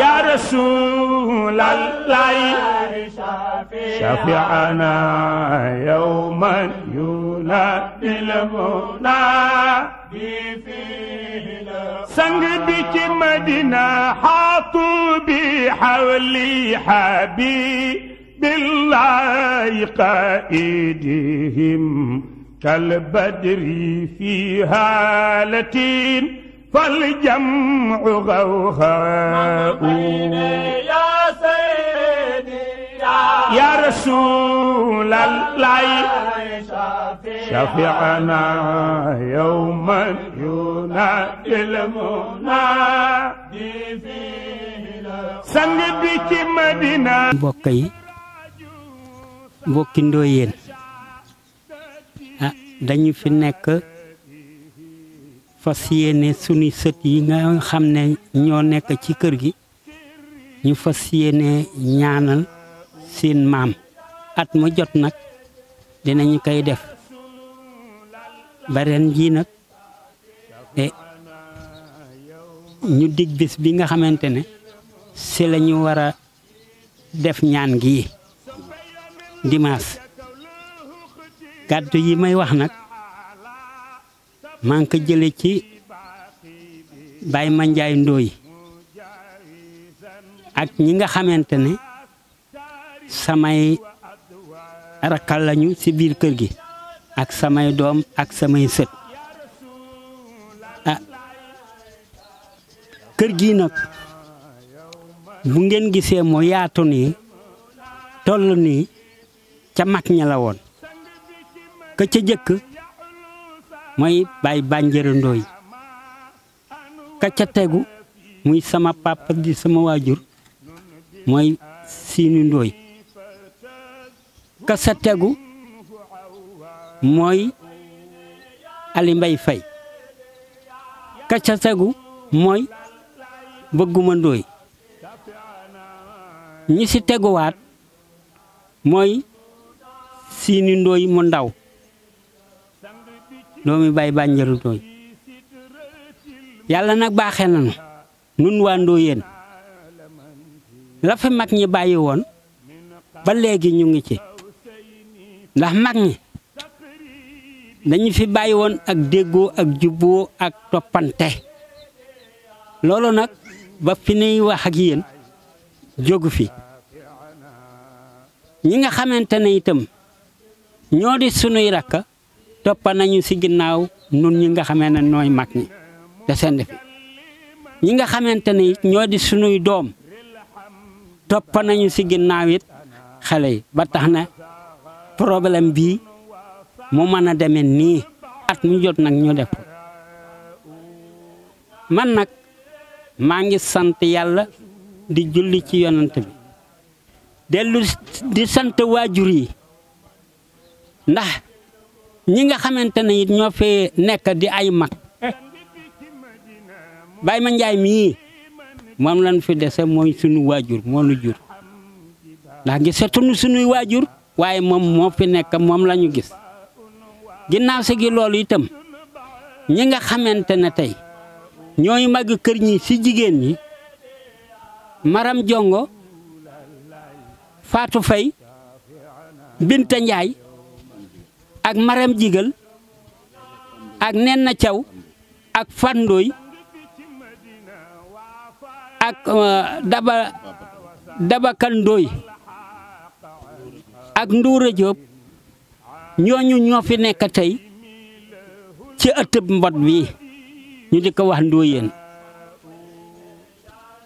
يا رسول الله شفعنا يوما ينادي المنادي سنگ بك مدينة حاطوا بحولي حبيب بالله قائدهم كالبدر في هالتين فالجمع غوغاء يا سيدي يا رسول الله شفعنا يوما ينادي المنادي بك مدينة بوكي بوكي دوين آه، دانيو في fas yéene sunu sët yi nga xam ne ñoo nekk ci kër gi ñu fas yéene ñaanal seen maam at mu jot nag dinañu koy def ba ren nag e, ñu dig bis bi nga xamante ne si la ñu war a def ñaan gii dimanche kàddu yi may wax nag maa ngi ko jële ci ma njaay Ndoye ak ñi nga xamante ne samay rakkal lañu ci biir kër gi ak samay doom ak samay sët ah, kër gi nag bu ngeen gisee moo yaatu nii toll nii ca mag ña la woon ka ca jëkk mooy bay Bandiara Ndoye ka ca tegu muy sama papa di sama waajur mooy Sini Ndoye ka tegu mooy Ali Mbaye Faye ka ca tegu mooy Bëgguma Ndoye ñi si teguwaat mooy Sini Ndoye mu ndaw doomi bay bàñ njaru yàlla nag baaxee na nun waa Ndoyeen la fi mag ñi bàyyi woon ba léegi ñu ngi ci ndax mag ñi dañu fi bàyyi woon ak déggoo ak jubboo ak toppante loolu nag ba fi nuy wax ak yéen jógu fi ñi nga xamante ne itam ñoo di sunuy rakka toppa nañu ci ginnaaw nun ñi nga xamee ne nooy mag ñi desend fi ñi nga xamante ne it ñoo di suñuy doom toppa nañu ci ginnaaw it xale yi ba tax na problème bii mu mën a deme nii at mu jot nag ñu def ko man nag maa ngi sant yàlla di julli ci yonant bi dellu di sant waajur yi ndax ñi nga xamante ne it ñoo fee nekk di ay mag Baye ma Njaay mii moom lañ fi dese mooy sunu waajur moo nu jur ndax gisatuñu sunuy waajur waaye moom moo fi nekk moom lañu gis ginnaaw si gi loolu itam ñi nga xamante ne tey ñooy mag kër ñi si jigéen ñi Maram Jongo Faatu Fay Binta Njaay ak maram jigal ak nen na caw ak fandooy ak euh, daba daba kandooy ak nduura jóob ñooñu ñoo fi nekk tey ci ëttëb mbot bi ñu di wax ndóoyéen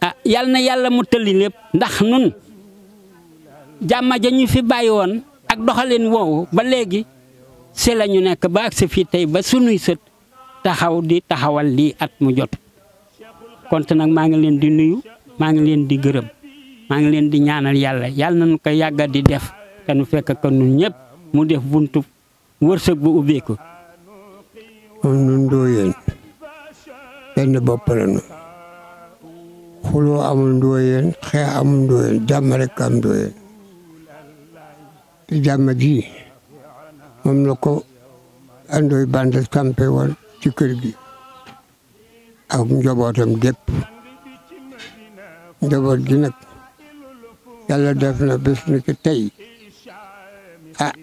ah yal na yàlla mu tëli lépp ndax nun jàmma ja ñu fi bàyyi woon ak doxalin woowu ba léegi c'est la ñu nekk ba ak fi tay ba sunuy seut taxaw di taxawal li at mu jot kont nak ma ngi len di nuyu ma ngi len di gërëm ma ngi len di ñaanal yalla yalla nañ ko yagga di def tan fekk ko nun ñep mu def buntu wërsëg bu ubbeeku kon nun ndóoyeen benn bopp lañu xuloo amul ndóoyeen xeex amul yeen jamm rek am ndóoyeen te jamm ji moom la ko andoy band campé woon ci kër gi ak njabootam gépp njaboot gi nag yàlla def na bés ni ki tey ah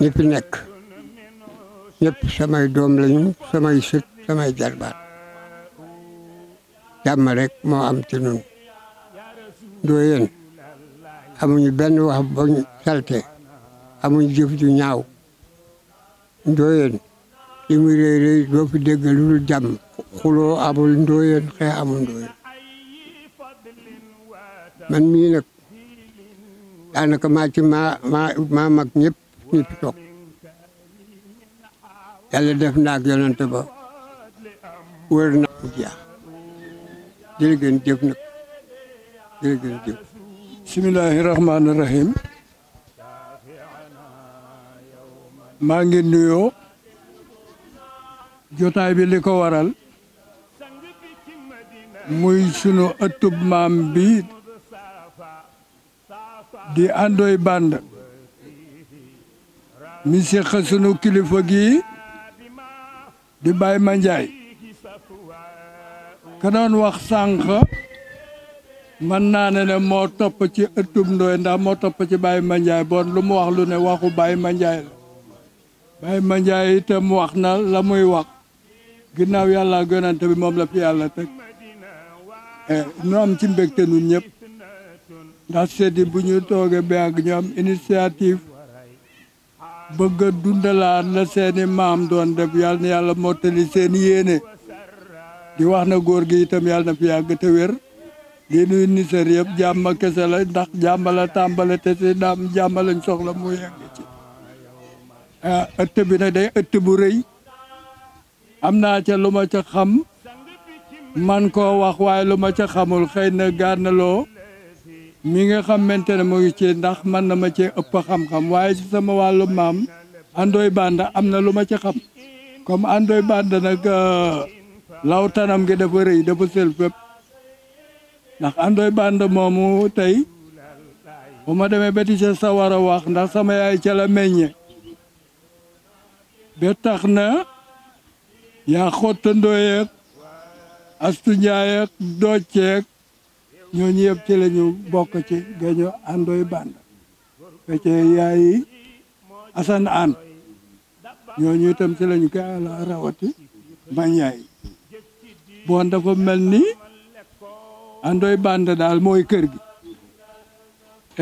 ñi nekk ñëpp samay doom lañu samay sët samay jarbaat jàmm rek moo am ci nun doo amuñu benn wax ba salte amuñu jëf ju ñaaw ndooyeen li muy réy réy doo fi dégg amul ndooyeen xee amul ndooyeen man mii nag daanaka maa maa mag ñëpp ñu fi toog def na ak ba wër na mu jeex jërëgeen jëf nag jërëgeen bisimilahi rahmaani maa ngi nuyoo jotaay bi li ko waral muy sunu ëttub maam bi di àndoy bànd mi sunu kilifa gi di Baye Mandiaye ka doon wax sànq man na ne ne moo topp ci ëttub do ndax mo top ci Baye manjay bon lu mu wax lu ne waxu Baye manjay la manjay te mu wax na la muy wax ginnaw yalla ak bi mom la fi yàlla teg eh, nu am ci mbekté ñun ñep ndax sédi bu ñu togué ba ak initiative bëgg a la seeni maam doon def yalla mo teli yene di wax na góor gi itam yalla na fi yàgg te wër ดินนี่เสรียบยามมาเกษรดักยามมาละตามบาละเตสดามยามมาลงสองละมวยอ่ะเอตบินได้เอตบุรีอำนาจะลมาจะคำมันก็ว่าควายลมาจะคำอุลไคเนกาเนโลมีเงาขำเมนเทนมวยเชนดักมันนั่มาเชอุปคำคำวายสมวาลุมัมอันโดยบันดาอำนาลมาจะขำคำอันโดยบันดาเนีักเลาตานำเกดบุรีเดบุเซลเปฟ ndax àndoy bànd moomu tey bu ma demee ba sa sa a wax ndax sama yaay ca meññe ba tax na yaa xottandooyeeg astu njaayeeg docceeg ñooñu yëpp ci la ñu bokk ci géño àndoy bànd feccee yaayi asan an ñooñu itam ci lañu koy rawati mañ yaay bon dafa mel ni Andoy Bande daal mooy kër gi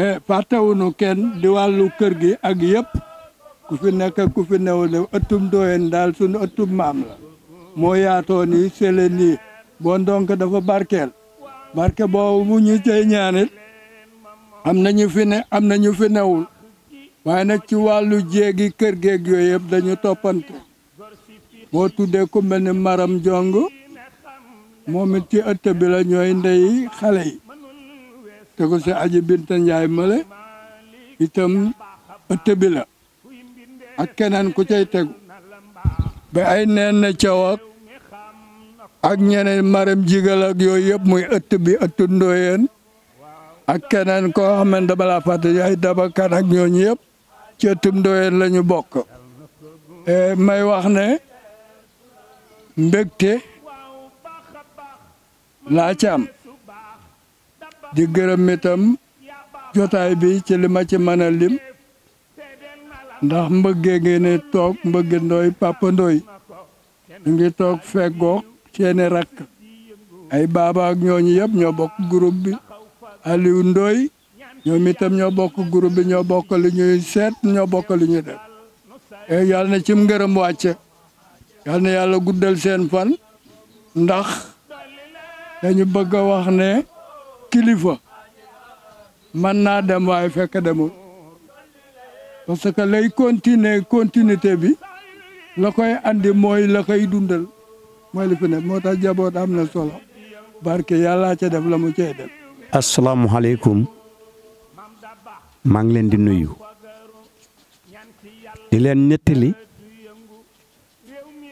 e fàttewuñu kenn di wàllu kër gi ak yëpp ku fi nekk ku fi newul ëttum dooyen daal sunu ëttum maam la moo yaatoo nii sele nii bon donc dafa barkeel barke boobu bu ñu cay am na ñu fi ne am na ñu fi newul waaye nag ci wàllu jéegi kër geeg yooyu yëpp dañu toppante moo tuddee ku Maram Jong moom it ci ëtt bi la ñooy ndey xale yi te ko si aji binta njaay male itam ëtt bi la ak keneen ku cay tegu ba ay neen na caw ak ak ñeneen maram jigal ak yooyu yëpp muy ëtt bi ëtt ndóoyeen ak keneen koo xam ne dama laa fàtte ay ak ñooñu yëpp ci ëtt ndóoyeen la ñu bokk eh, may wax ne mbégte laa ci am di gërëm mitam jotaay bi ci lima ci mën a lim ndax mbëggee ngeen ne toog mbëgg ndooy papa ndooy ñu ngi toog feggoo seeni rakk ay baaba ak ñooñu yëpp ñoo bokk groupe bi Aliou Ndooy ñoom itam ñoo bokk groupe bi ñoo bokk li ñuy seet ñoo bokk li ñuy def e, yàlla na ci ngërëm wàcce yàlla na yàlla guddal seen fan ndax dañu bëgg a wax ne kilifa mën naa dem waaye fekk demul parce que lay continuer continuité bi la koy andi mooy la koy dundal mooy li fi ne moo tax jaboot am na solo barke yàllaa ca def la mu cey def asalaamualeykum maa ngi leen di nuyu di leen nettali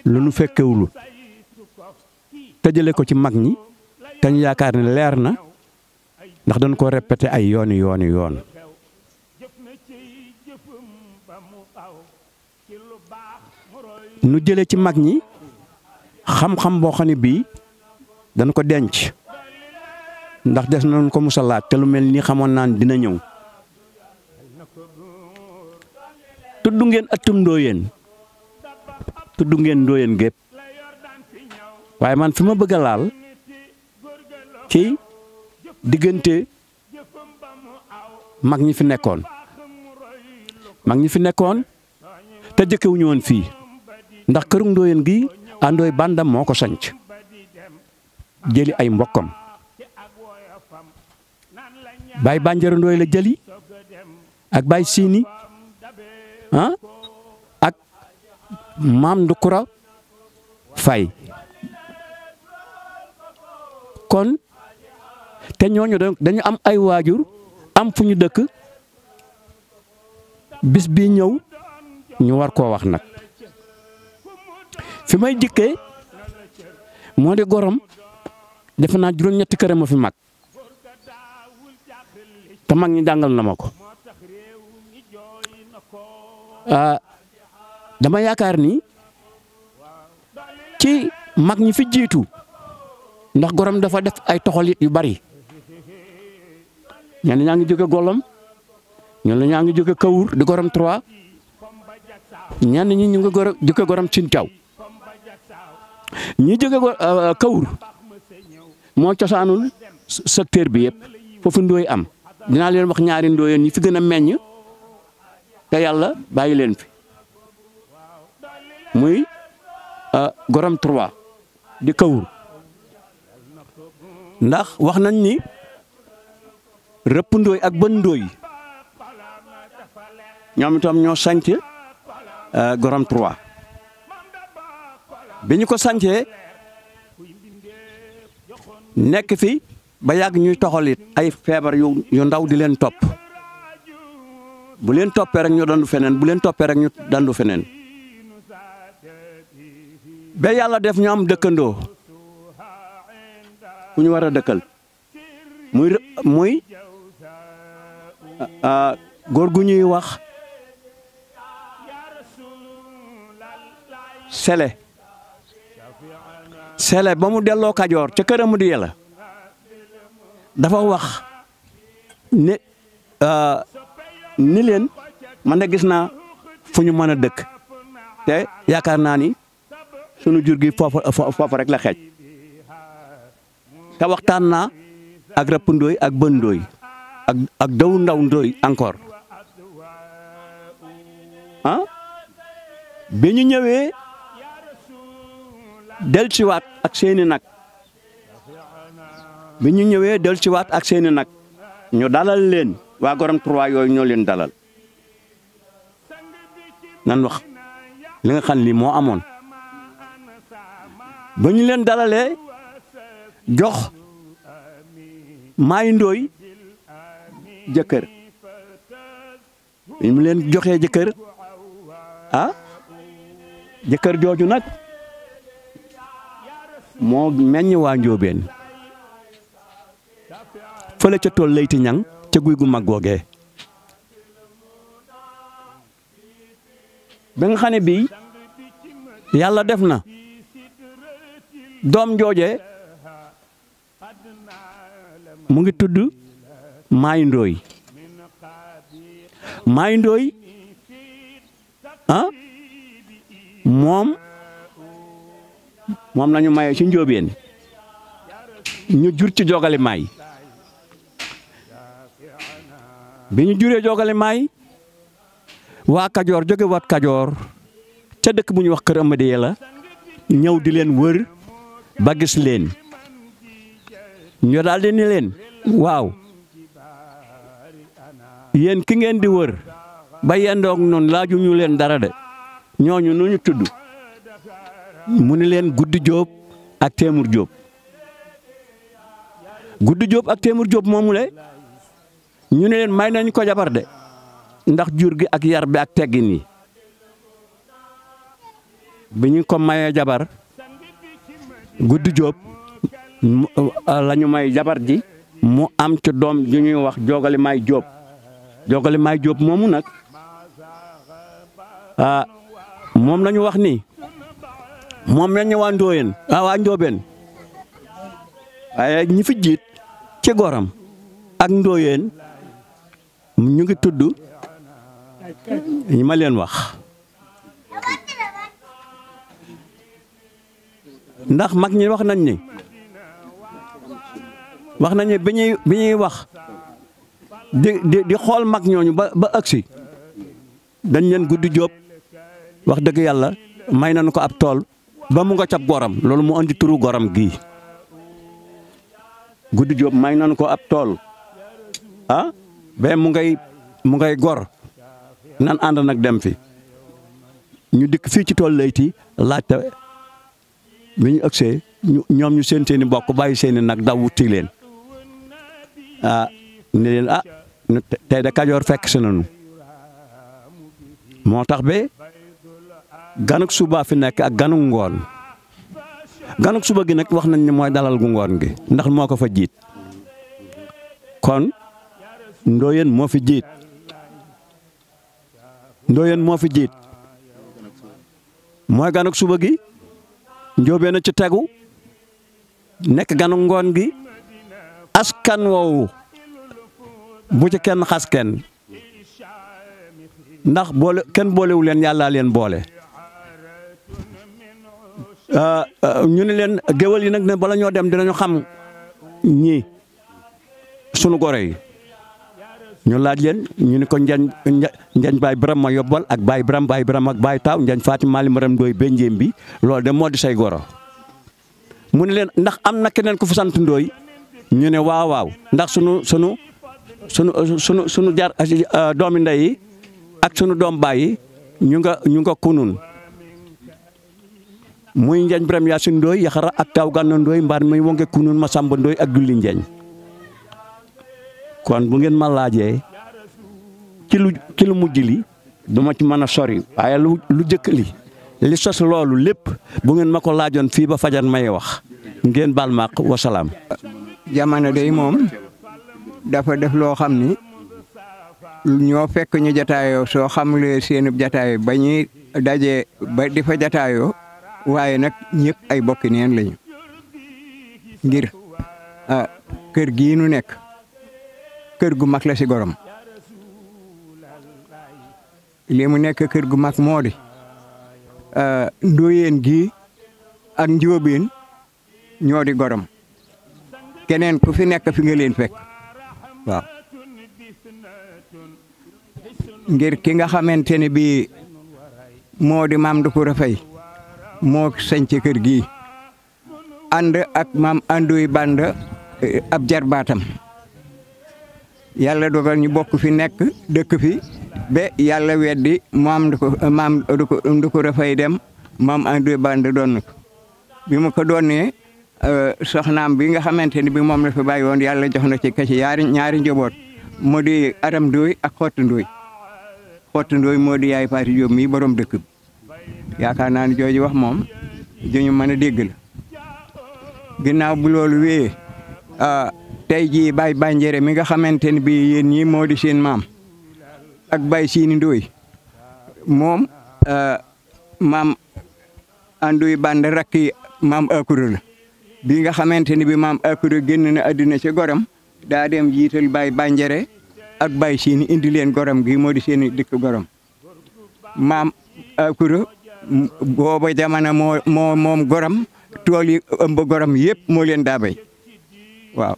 lu nu fekkewulu tëjale ko ci mag ñi dañ yaakar ne leer na ndax doon ko répéter ay yoon yoon yoon nu jëlee ci mag ñi xam-xam bo xani bi dañ ko denc ndax des nañ ko te lu mel ni xamoon naan dina ñew tuddu ngeen atum yeen tuddu ngeen yeen gep waye man fima bëgg laal ci diggante mag ñi fi nekkoon mag ñi fi nekkoon te jëkkewuñu woon fii ndax këru Ndoyeen gi àndooy bandam moo ko sanc jëli ay mbokkam baay Bandiara Ndoye la jëli ak baay Sini ah, ak maam Ndukura Fay kon te ñooñu dañu am ay waajur am fu ñu dëkk bis bi ñëw ñu war koo wax nag fi may dikkee moo di gorom defe naa juróom-ñetti kër ma fi mag te mag ñi dangal na ma ko ah, dama yaakaar ni ci mag ñi fi jiitu ndax gorom dafa def ay toxalit yu bari ñenn ñaa ngi jóge Gollom ñenn ñaa ngi jóge Kawur di Gorom 3 ñi ñu ngi goro jóge Gorom Sinthiaw ñi jóge euh, euh, Kawur moo cosaanul secteur bi yëpp foofu ndooy am dinaa leen wax ñaari ndooyeen ñi fi gën a meññ te yàlla bàyyi leen fi muy euh, Gorom 3 di Kawur ndax wax nañ ni. rëpp ndooy ak bën ndooy ñoom itam ñoo sanc euh, Gorom 3 bi ñu ko sancee nekk fi ba yàgg ñuy toxal ay feebar yu yu ndaw di leen topp bu leen toppee rek ñu dandu feneen bu leen toppee rek ñu dandu feneen ba yàlla def ñu am dëkkandoo ku ñu war a dëkkal muy muy Euh, góor gu ñuy wax sele sele ba mu delloo kajoor ca këram di yàlla dafa wax ne euh, ni leen man de gis naa fu ñu mën a dëkk te yaakaar naa ni sunu jur gi foofa foofa rek la xeej te waxtaan naa ak rappandooy ak bëndooy ak ak daw ndaw ndoy encore ah bi ñu ñëwee dellusiwaat ak seeni nag bi ñu ñëwee dellusiwaat ak seeni nag ñu dalal leen waa Gorom 3 yooyu ñoo leen dalal nan wax li nga xam lii moo amoon ba ñu leen dalalee jox maay ndooy jëkkër mu leen joxe jëkkër ah, jëkkër jooju nag moo meññ waa njóobeen fële ca tool layti ñang ca guy gu mag googee ba nga xam ne bii yàlla def na doom jooje mu ngi tudd maay ndooy maay ndooy ah moom moom la ñu ci njóobeen ñu jur ci jogale maay bi ñu juree jogale maay waa kajoor jóge wat kajoor ca dëkk bu ñuy wax kër Amady la ñëw di leen wër ba gis leen ñu daal di waaw yen ki ngeen di wër ba yendoog non laaju ñu leen dara de ñoñu nu ñu tuddu mu ne leen job, job ak temur job guddu job ak téemur job momu le ñu ne leen may nañ ko jabar de ndax jur gi ak yar bi ak teggini bi ko maye jabar guddu job, euh, lañu may jabar ji mu am ci dom ju ñuy wax jogali may job jogale maay Jóob moomu nag ah moom la wax ni moom la ñu waa Ndooyeen ah waa Njoobeen waaye ñi fi jiit ci goram ak Ndooyeen ñu ngi tudd ñi ma wax. ndax mag ñi wax nañ ni wax nañ ni bi ñuy wax. di di xool mag ñooñu ba ba agsi dañ leen guddi jóob wax dëgg yàlla may na nañu ko ab tool ba mu nga cab goram loolu mu andi turu goram gi guddi jóob may nañu ko ab tool ah ba mu ngay mu ngay gor nan ànd nag dem fi ñu dikk fii ci tool layti laajte bi ñu agsee ñoom ñu seen seeni bokk bàyyi seeni nag daw wuti leen ah te da kajoor fekk si nañu moo tax ba ganuk suba fi nekk ak ganuk ngoon ganuk suba gi nag wax nañ ne mooy dalal gu ngoon gi ndax moo ko fa jiit kon ndooyeen moo fi jiit ndooyeen moo fi jiit mooy ganuk suba gi njóobeen ci tegu nekk ganuk ngoon gi askan woowu bu ci kenn xas kenn ndax boole kenn boolewu leen yàllaa leen boole euh, euh, ñu ne leen géwal yi nag ne bala ñoo dem dinañu xam ñii sunu gore yi ñu laaj leen ñu ni ko njañ njañ baay biram ma yobbal ak baay biram baay biram ak baay taaw njañ faati maali maram dooy benjéem bi loolu de moo di say goro mu ne leen ndax am na keneen ku fi sant ndooy waaw waaw ndax sunu sunu sunu uh, sunu sunu jar uh, uh, doomi ndey ak sunu dom baay ñu nga ñu nga kunun muy ya biram yaasin ya xara ak taw gan ndoy mbar muy wonge kunun ma samb ndoy ak dulli ñeñ kon bu ngeen ma laaje ci lu ci lu mujjili duma ci mëna sori waye lu lu jëk li li sos lolu lepp bu ngeen mako laajon fi ba fajar may wax ngeen balmaq wa salam jamana day mom dafa def loo xam ni ñoo fekk ñu jataayoo soo xamlee seenub jataay ba ñuy dajee ba di fa jataayoo waaye nag ñépp ay bokki neen lañu ngir kër gii nu nekk kër gu mag la si gorom li mu nekk kër gu mag moo di ndóoyeen gi ak njóobeen ñoodi di gorom keneen ku fi nekk fi nga leen fekk waaw ngir ki nga xamante ne bii moo di maam Ndoukoura rafay moo sañc kër gi ànd ak maam Andoy Band eh, ab jarbaatam yàlla dogal ñu bokk fi nekk dëkk fi ba yàlla weddi maam Ndoukoura eh, Faye dem maam Andoy Band doon bi mu ko doonee Euh, soxnaam bi nga xamante ni bi moom la fi bàyyi woon yàlla jox na ci kaci yaari ñaari njaboot moo di Aram Ndoye ak Xott Ndoye Xott Ndoye moo di yaay Fatou Diop mii borom dëkk bi yaakaar naa ne jooju wax moom juñu mën a dégg la ginnaaw bu loolu wéyee ah, tey jii Baye Bandiéré mi nga xamante ni bii yéen ñii moo di seen mam ak bay siin Ndoye moom ah, mam Andoy Bande rakki maam Akura la bi nga xamanteni bi mam akure genn na adina ci goram da dem yital bay banjere ak bay seen indi len goram gi modi seen dik goram mam akure boba jamana mo mom goram toli ëmb goram yep mo len da bay waaw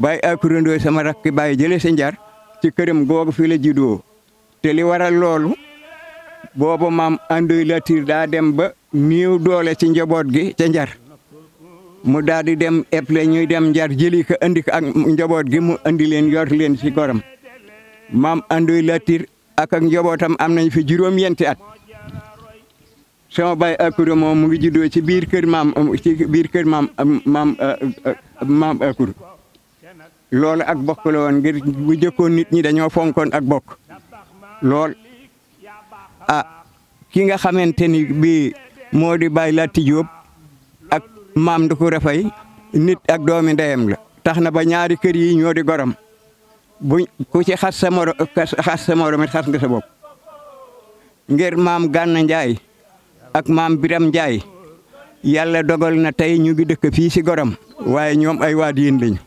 bay akure ndo sama rakki bay jele sen jar ci kërëm gogu fi la jido te li waral lolu boba mam andoy latir da dem ba doole ci njabot gi ci njar mu daal di dem eple ñuy dem njar jëli ko andi ko njaboot gi mu andi leen yor leen ci koram maam Andoy Latir ak ak njabootam am nañ fi juróom-yenti at sama bay Akura moom mu ngi juddoo ci biir kër maam ci biir kër maam maam maam ak bokk la woon ngir nit ñi dañoo fonkoon ak bokk lool ah ki nga xamante ni bii moo di bay Laati Jóob maam Ndoukouré Faye nit ak doomi ndeyam la tax na ba ñaari kër yi ñoo di gorom bu ku ci xas sa xas sa bopp ngir maam Gànna Njaay ak maam Biram Njaay yàlla dogal na tey ñu ngi dëkk fii ci gorom waaye ñoom ay waa diin lañu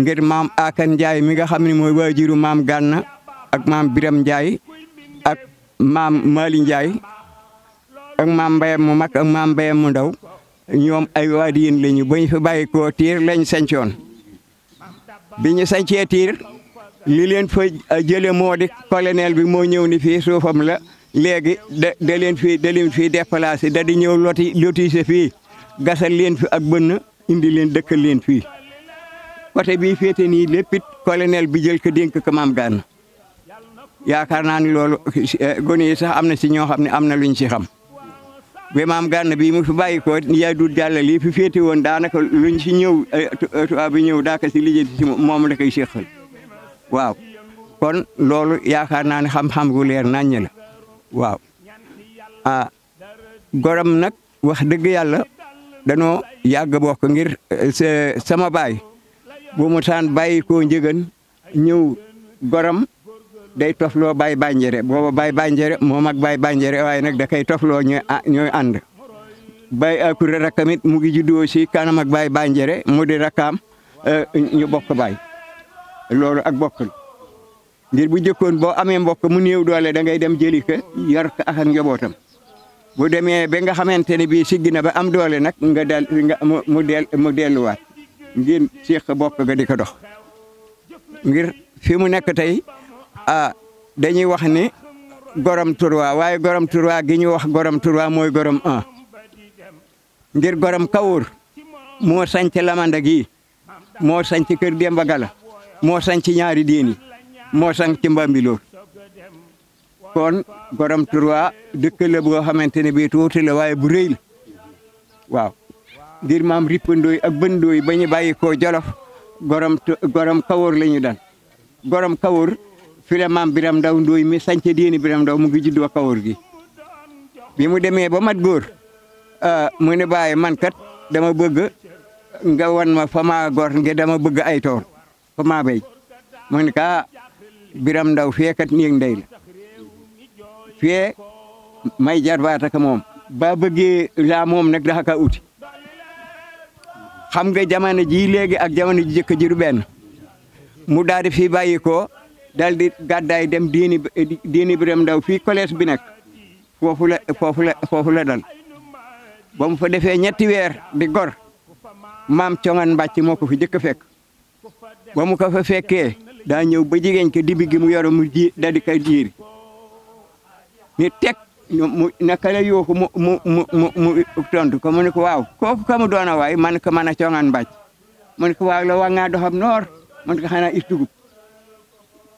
ngir maam Akan Njaay mi nga xam ni mooy waajiru maam Gànna ak maam Biram Njaay ak maam Maali Njaay ak maam Mbayam mu mag ak maam Mbayam mu ndaw ñoom ay waa diin lañu ba ñu fi bàyyi ko tiir lañ sancoon bi ñu sancee tiir li leen fa jële moo di colonel bi moo ñëw ni fii suufam la léegi da da leen fii da fii déplacé da di ñëw loti lotise fii gasal leen fi ak bënn indi leen dëkkal leen fii côté bii féete nii léppit it bi jël ko dénk ko yaakaar naa ni loolu eh, gone yi sax am na ci ñoo xam ne am na luñ ci xam bi maam gànn bii mu fi bàyyi ko yaay du jàll lii fi féete woon daanaka luñ si ñëw eh, eh, tubaab bi ñëw daaka si moom la koy séqal waaw kon loolu yaakaar naa ne xam-xam gu leer naññ la waaw ah gorom nag wax dëgg yàlla danoo yàgg bokk ngir eh, sama baay bu mu taan bàyyi koo njëgan ñëw gorom day toflo bay banjere booba bay banjere mom ak bay banjere way nak da kay toflo ñoy ñoy and bay Akouré rakkam mu ngi juddoo si kanam ak bay banjere mu di rakam euh, ñu bokk bay lolu ak bokk ngir bu jekkon bo amé mbokk mu neew doole da ngay dem jeli ke, yar ka ak njabootam bu démé be nga xamanteni bi ci gina ba am doole nak nga dal nga mu del mu wat ngir cheikh bokk ga di ko dox ngir fi mu nekk ah dañuy wax ni gorom turwa waye gorom turwa gi ñu wax gorom turwa moy gorom 1 ngir gorom kawur moo sanc lamanda gi moo sanc kër Demba Gala moo sanc ñaari diini moo sanc Mbambilor kon gorom turwa dekk le bo xamanteni bi tuuti le waye bu reeyl waaw ngir mam rippandooy ak bëndooy bañu bayiko jolof gorom gorom kawur lañu gorom kawur fi la Biram Ndaw Ndooy mi sànce diini Biram Ndaw mu ngi juddoo Kawoor gi bi mu demee ba mat góor ah, mu ne bàyyi man kat dama bëgg nga wan ma fa maa gor nge dama bëgg ay tool fa maa béy mu ne ah, Biram Ndaw fee kat néeg ndey la fee may jarbaata ka moom ba bëggee laa moom nag daxa ka uti xam nga jamono ji léegi ak jamono ji jëkk jiru benn mu daal di bàyyi ko dal di gaday dem diini diini Biram Ndaw fi college bi nekk fofu la fofu la fofu la dal bam fa defé ñetti wër di gor mam ciongan Mbàcc moko fi jëk fekk bam mu ko fa fekke da ñew ba jigéen ke dibi gi mu yoro mu di dal di kay diir ni tek mu nakala yo ko mu mu mu mu mu ko mu ne ko waaw ko ko mu doona way man ko man ciongan Coŋan mu ne ko waaw la wa nga doxam noor man ko xana is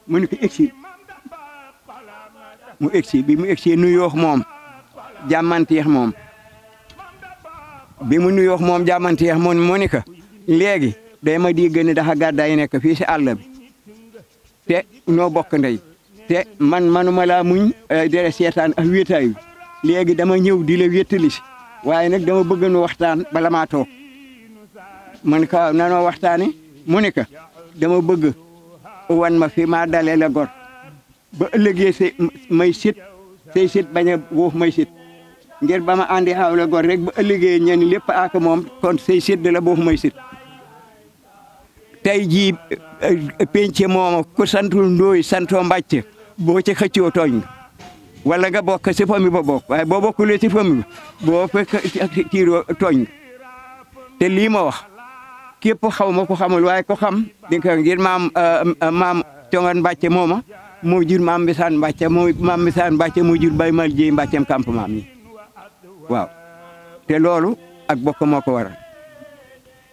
mu ne egsi bi mu egsi nuyoox moom jàmmanteex moom bi mu nuyoox moom jàmmanteex moom mu ne ko léegi day ma di gën daxa gàddaay nekk fii si àll bi te noo bokk ndey te man manuma laa muñ eh, dere seetaan ak wéetaayu léegi dama ñëw di la waaye nag dama bëgg nu waxtaan bala maa toog man ka nanoo waxtaane mu ne dama bëgg wan ma fi maa la gor ba ëllëgee say may sit say sit bañ a wuuf may sit ngir ba ma andi xaw la gor rek ba ëllëgee ñeen lépp ak moom kon say sit di la wuuf may sit tey jii eh, pénc mooma ku santul ndóoy santoo mbàcc boo ci xëccoo tooñ wala nga bokk si famille ba bokk waaye boo bokkulee si famille boo fekk tiiroo eh, tooñ te lii ma wax képp xaw ma ko xamul waaye ko xam di nga ngir maam euh, euh, maam Tongan mooma moo jur maam Mbisaan Mbacke moo maam Mbisaan Mbacke moo jur bay Mal Jéy Mbackeem campement mi waaw te loolu ak bokk moo ko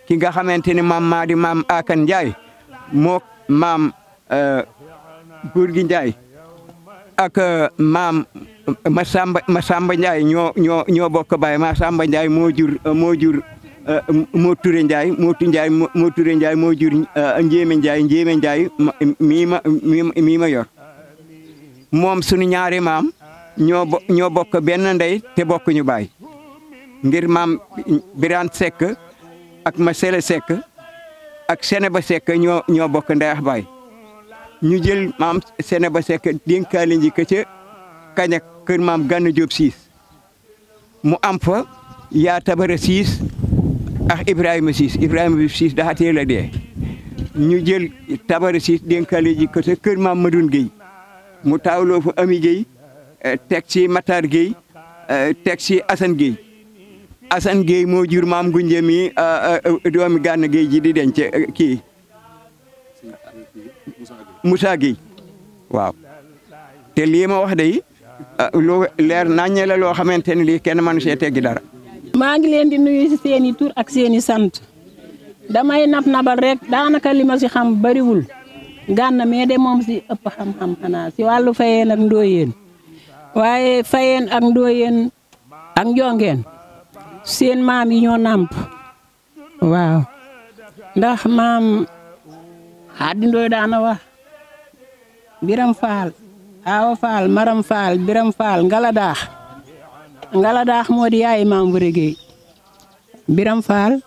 ki nga xamante ne maam maa di maam Akan Ndiaye moo maam euh, góor gi Ndiaye ak maam Masamba Masamba Ndiaye ñoo ñoo ñoo bokk Baye Masamba Ndiaye moo jur moo jur. Eh, moo Touré Ndiaye moo Touré Ndiaye moo Touré Ndiaye moo jur eh, Ndiémé Ndiaye Ndiémé ma yor moom sunu ñaari maam ñoo bokk benn ndey te bokkuñu baay ngir maam Birane sek ak ma Sele ak Seneba Seck ñoo bokk ndey baay ñu jël maam Seneba Seck dénkaale njëkk ca kañ ak kër maam Gana Diop siis mu am yaa tabara siis Ah Ibrahim sis Ibrahim sis da hatte la de ñu jël Tabara sis dénkale ji ko te keur mamadoun gey mu tawlo fu Ami gey eh, tek ci Matar gey eh, tek ci asan gey asan gey mo jur mam Gunje mi eh, doomi gan gey ji di denc ki musa gey waaw te li ma wax day lo leer nañ la lo xamante li kenn man ci teggi dara ma ngi len di nuyu ci seen tour tur ak seen sante damay nap nabal rek daanaka li ma si xam wul ganna me de mom si ëpp xam-xam xana ci walu fayen ak ndoyen waye fayen ak ndoyen ak njongeen seen mam yi ñoo namp waaw ndax maam xaddi ndooy daana wax biram faal aawa faal maram faal biram faal ngala daax ngala moo modi yaay Imam bu reggé Biram Fall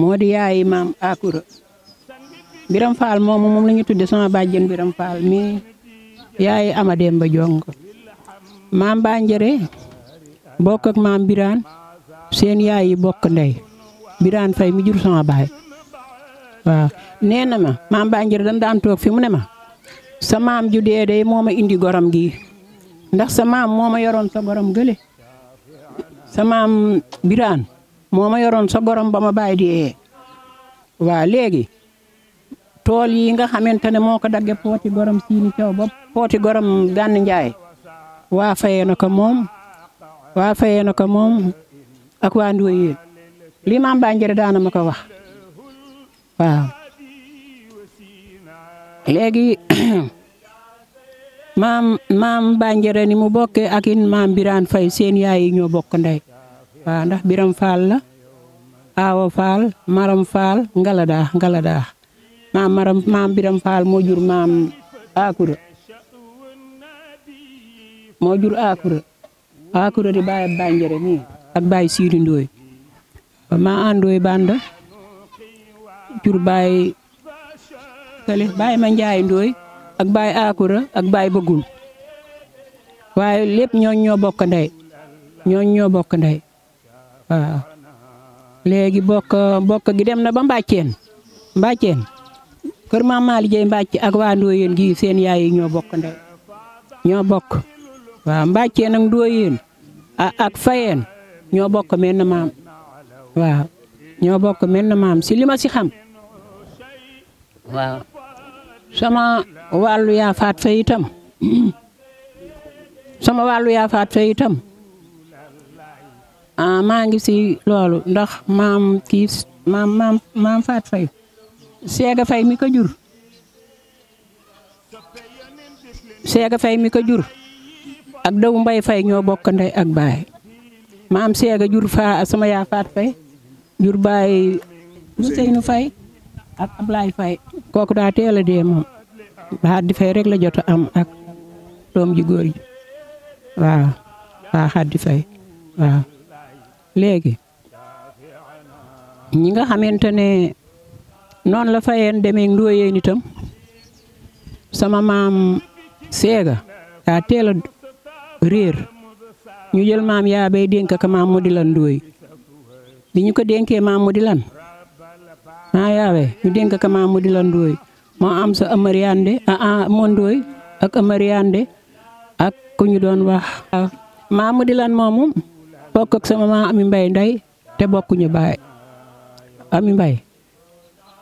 modi yaay imam Akura Biram Fall mom mom lañu tuddé sama bajjen Biram Fall mi yaay Ama Demba Jong maam Banjere bok ak maam biran seen yaay yi bok ndey biran Fay mi jur sama bay wa nee ma maam Banjere dañ daan tok fi mu ne maam ju moma indi goram gi ndax sa maam moma ma sa goram gele sa maam biraan moo ma yoroon sa gorom ba ma bàyyi di yee waa léegi tool yi nga xamante ne moo ko dagge pooti gorom siini caw ba pooti gorom gànn njaay waa fayee na ko moom waa fayee na ko moom ak waa Ndoye yéen lii maam Bandiere daana ma ko wax waaw maam maam Bandiere mu bokkee ak maam Birane Faye seen yaay ñoo bokk ndey waaw ndax Biram Fall la Awa Fall Maram Fall Ngalada Ngalada maam Maram maam moo jur maam Akura moo jur Akura Akura di bàyyi Bandiere ak bàyyi Sidi Ndoye maa àndooy banda jur bàyyi kale ma Njaay Ndoye ak baay aakura ak baay bëggul waaye lépp ñooñ ñoo bokk ndey ñooñ bokk ndey léegi bokk bokk gi dem na ba Mbàcceen Mbàcceen kër maam Maali Jeey Mbàcc ak waa Ndooyeen gi seen yaay ñoo bokk ñoo bokk waaw Mbàcceen ak Ndooyeen ak Fayeen ñoo bokk mel na maam waaw ñoo bokk mel maam si li ma si wàllu yaa faat fa itam sama wàllu yaa faat fa itam ah maa ngi si loolu ndax maam kii maam maam maam faat fay seega fay mi ko jur seega fay mi ko jur ak daw mbay fay ñoo bokk ndey ak baay maam seega jur fa sama yaa faat fay jur baay Ousseynou fay ak Ablaye fay kooku dee moom xaddi fay rek la jot am ak toom ji góor ji waaw waa xaddi fay waaw léegi ñi nga xamante ne noonu la fayeen demee ndóoyeen itam sama maam seega daa teel a réer ñu jël maam yaa bay dénk ka maam mu di lan ndóoy bi ñu ko dénkee maam mu di lan maa yaawee ñu dénk ka mu di lan ndóoy moo am sa ak amariyande ku ñu doon wax maamu di lan moomu bokk ak sama maam ami mbay ndey te bokkuñu baay ami mbay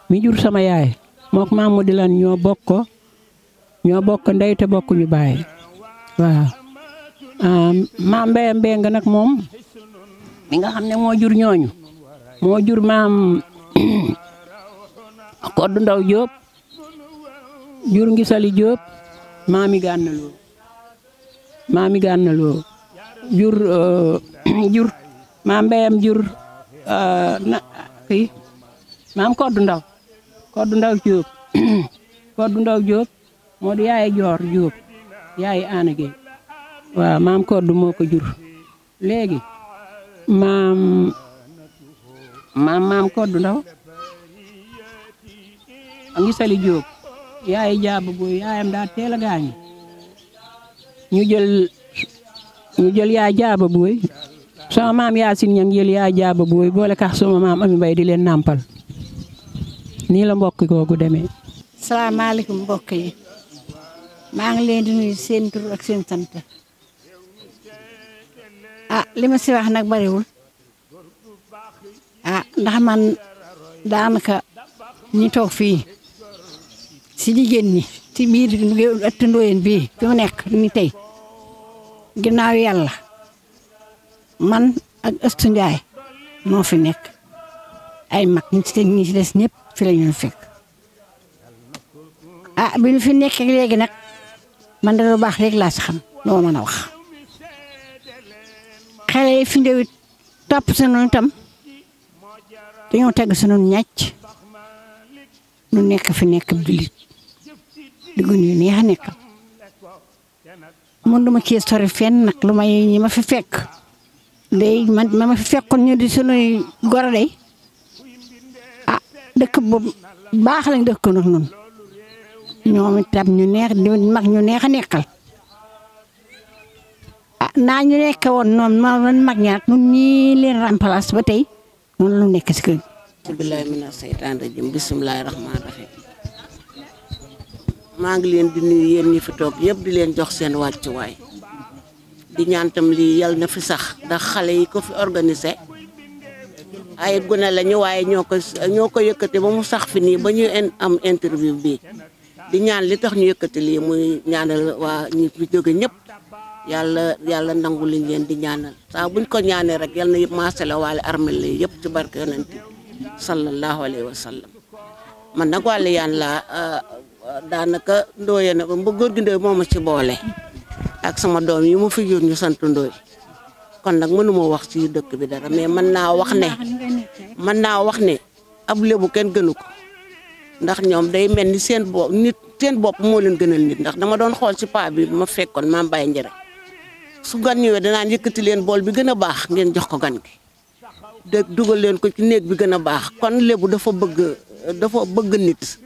mi jur sama yaay mook maamu di lan ñoo bokk ñoo bokk ndey te bokkuñu baay waaw maam mbéyam mbéy nga nag moom mi nga xam ne moo jur ñooñu moo jur maam koddu ndaw Jóob jur ngi sali Diop maami gànna loo maami gànna loo jur euh, jur maam mbéyam jur euh, na kii maam koddu ndaw koddu ndaw Diop koddu ndaw Diop moo di joor Diop yaay aana Gueye waaw maam koddu moo jur léegi maam maam maam koddu ndaw ngi sali Diop yaay jaab bu a gaañu ñu jël ñu jël yaay jaaba booy sama maam Yaasin ñang jël yaay jaaba booy boole kax sama maam Ami Mbay di leen nàmpal nii la mbokk googu demee. salaamaaleykum mbokk yi maa ngi leen di nuyu seen tur ak seen sant ah ma si wax nag bariwul ah ndax man daanaka ñi toog fii. ci jigéen ni ci biir ëtt Ndoyeen bii fi mu nekk ni tey ginnaaw yàlla man ak ëstu Njaay moo fi nekk ay mag ñi ci ñi ci des ñëpp fi la fekk ah, bi ñu fi nekk léegi nag man da lu baax léegi laa si xam loo mën a wax xale yi fi ndewit topp sunu itam dañoo teg sunu ñàcc nu nekk fi nekk jullit di gone yu neex a nekkal mënuma cee sori fenn nag lu may ñi ma fi fekk léegi ma ma fi ñu di sunuy goro day ah dëkk boobu baax lañ dëkk nag noonu ñoom itam ñu neex di mag ñu neex a nekkal ah naa ñu nekk woon noonu noonu mag ñaar ñun ñii leen remplace ba tey noonu lu nekk si kër gi. bisimilah rahmaani rahiim. maa ngi leen di nuyu yéen ñi fi toog yëpp di leen jox seen wàccuwaay di ñaan tam lii yal na fi sax ndax xale yi ko fi organisé ay gune lañu waaye ñoo ko ñoo ko yëkkate ba mu sax fi nii ba ñu am interview bii di ñaan li tax ñu yëkkate lii muy ñaanal waa ñi fi jóge ñëpp yàlla yàlla nangu liñ leen di ñaanal saa buñ ko ñaanee rek yal na yëpp maase la waale armel la yëpp ci barke yonent bi sallallahu alayhi wa sallam man nag wàllu yaan laa euh, daanaka ndooyee na ba góor gi ndooy moo ma ci boole ak sama doom yi ma fi jur ñu sant ndooy kon nag mënuma wax ci dëkk bi dara mais man naa wax ne mën naa wax ne ab lébu kenn gënu ko ndax ñoom day mel ni seen bopp nit seen bopp moo leen gënal nit ndax dama doon xool ci paa bi ma fekkoon ma mbay Ndiaye su gan ñëwee danaa yëkkati leen bool bi gën a baax ngeen jox ko gan gi dégg dugal leen ko ci néeg bi gën a baax kon lébu dafa bëgg nit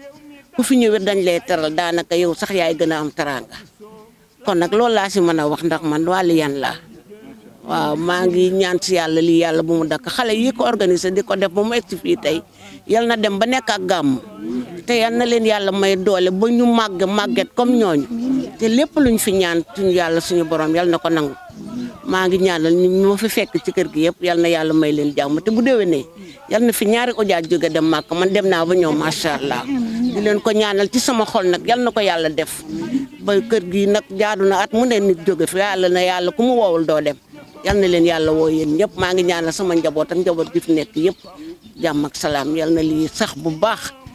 ku fi ñëwee dañ lay teral daanaka yow sax yaay gën a am teraanga kon nag loolu laa si mën a wax ndax man wàllu yan laa waaw maa ngi ñaan si yàlla lii yàlla bu mu dakk xale yi ko organisé di ko def ba mu egg si fii tey yal na dem ba nekk ak gàmm te yal na leen yàlla may doole ba ñu màgg màgget comme ñooñu te lépp lu ñu fi ñaan suñu yàlla suñu borom yal na ko nangu maa ngi ñaanal ñu ma fi fekk ci kër gi yëpp yal na yàlla may leen jàmm te bu déwénee yal na fi ñaari ojaat jóge dem màkk man dem naa ba ñoom macha allah di leen ko ñaanal ci sama xol nag yal na ko yàlla def ba kër gi nag jaadu na at mu ne nit jóge fi yàlla na yàlla ku mu woowul doo dem yal na leen yàlla woo yéen ñëpp maa ngi ñaanal sama njaboot ak njaboot gi fi nekk yëpp jàmm ak salaam yal na lii sax bu baax.